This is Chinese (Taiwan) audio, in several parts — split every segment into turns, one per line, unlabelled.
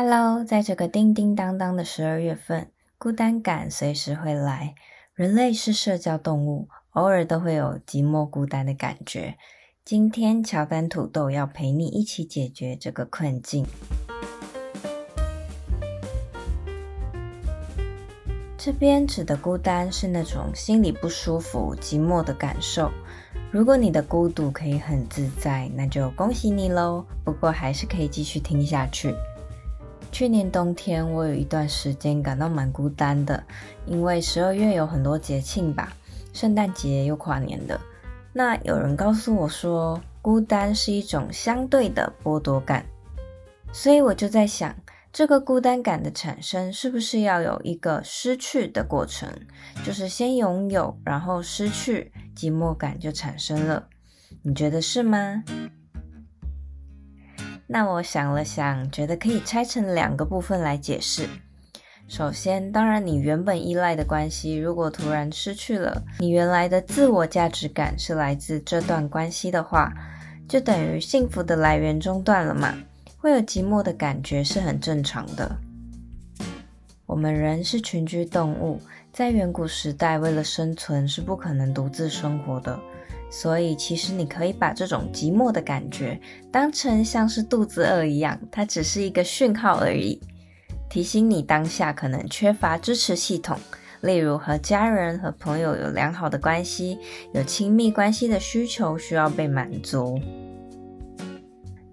Hello，在這個叮叮噹噹的十二月份，孤單感隨時會來。人類是社交動物，偶爾都會有寂寞孤單的感覺。今天，喬丹土豆要陪你一起解決這個困境。這邊指的孤單是那種心裡不舒服、寂寞的感受。如果你的孤獨可以很自在，那就恭喜你嘍。不過，還是可以繼續聽下去。去年冬天，我有一段時間感到蠻孤單的，因為十二月有很多節慶吧，聖誕節又跨年了。那有人告訴我說，孤單是一種相對的剝奪感，所以我就在想，這個孤單感的產生是不是要有一個失去的過程？就是先擁有，然後失去，寂寞感就產生了。你覺得是嗎？那我想了想，覺得可以拆成兩個部分來解釋。首先，當然你原本依賴的關係，如果突然失去了，你原來的自我價值感是來自這段關係的話，就等於幸福的來源中斷了嘛，會有寂寞的感覺是很正常的。我們人是群居動物，在遠古時代為了生存是不可能獨自生活的。所以，其實你可以把這種寂寞的感覺當成像是肚子餓一樣，它只是一個訊號而已，提醒你當下可能缺乏支持系統，例如和家人和朋友有良好的關係，有親密關係的需求需要被滿足。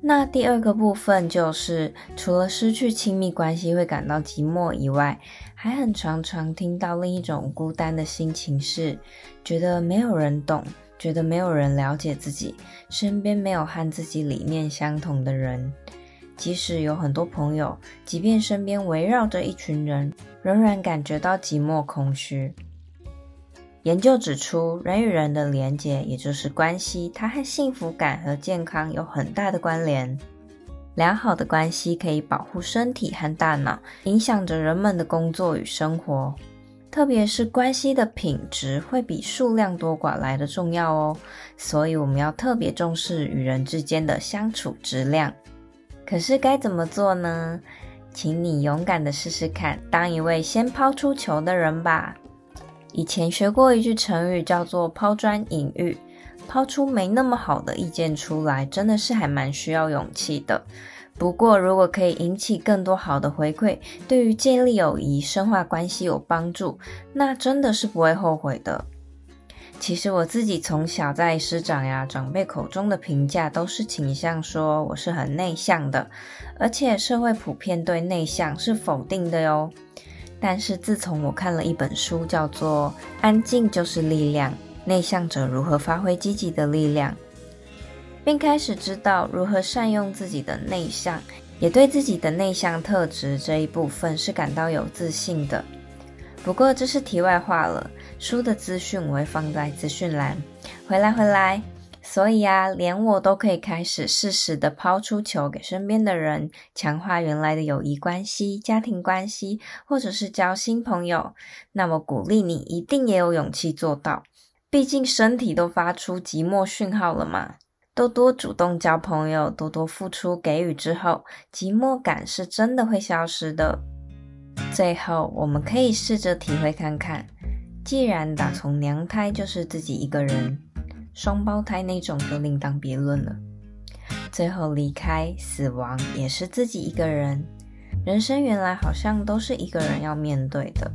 那第二個部分就是，除了失去親密關係會感到寂寞以外，還很常常聽到另一種孤單的心情是覺得沒有人懂。覺得沒有人了解自己，身邊沒有和自己理念相同的人。即使有很多朋友，即便身邊圍繞着一群人，仍然感覺到寂寞空虛。研究指出，人與人的連結，也就是關係，它和幸福感和健康有很大的關聯。良好的關係可以保護身體和大腦，影響着人們的工作與生活。特別是關係的品質會比數量多寡來的重要哦，所以我們要特別重視與人之間的相處質量。可是該怎麼做呢？請你勇敢的試試看，當一位先拋出球的人吧。以前學過一句成語，叫做“拋磚引玉”。拋出沒那麼好的意見出來，真的是還蠻需要勇氣的。不過，如果可以引起更多好的回饋，對於建立友誼、深化關係有幫助，那真的是不會後悔的。其實我自己從小在師長呀、長輩口中的評價，都是傾向說我是很內向的，而且社會普遍對內向是否定的喲。但是自從我看了一本書，叫做《安靜就是力量》。內向者如何發揮積極的力量，並開始知道如何善用自己的內向，也對自己的內向特質這一部分是感到有自信的。不過這是題外話了。書的資訊我會放在資訊欄。回來回來，所以啊，連我都可以開始適時的拋出球給身邊的人，強化原來的友誼關係、家庭關係，或者是交新朋友。那我鼓勵你，一定也有勇氣做到。畢竟身體都發出寂寞訊號了嘛，多多主動交朋友，多多付出給予之後，寂寞感是真的會消失的。最後我們可以試着體會看看，既然打從娘胎就是自己一個人，雙胞胎那種就另當別論了。最後離開死亡也是自己一個人，人生原來好像都是一個人要面對的。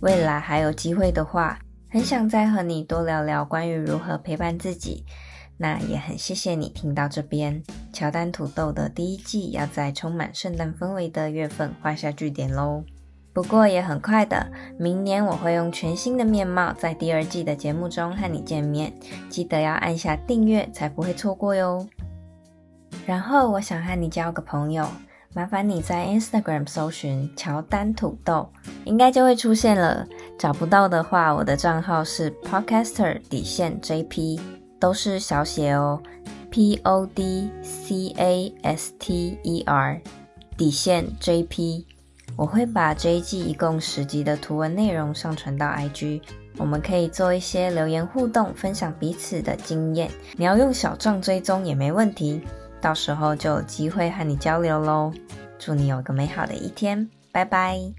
未來還有機會的話。很想再和你多聊聊關於如何陪伴自己，那也很謝謝你聽到這邊。喬丹土豆的第一季要在充滿聖誕氛圍的月份畫下句點嘍，不過也很快的，明年我會用全新的面貌在第二季的節目中和你見面，記得要按下訂閱才不會錯過喲。然後我想和你交個朋友。麻煩你在 Instagram 搜尋“喬丹土豆”，應該就會出現了。找不到的話，我的賬號是 podcaster 底線 JP，都是小寫哦。podcaster 底線 JP，我會把這一季一共十集的圖文內容上傳到 IG，我們可以做一些留言互動，分享彼此的經驗。你要用小帳追蹤也沒問題。到時候就有機會和你交流嘍。祝你有個美好的一天，拜拜。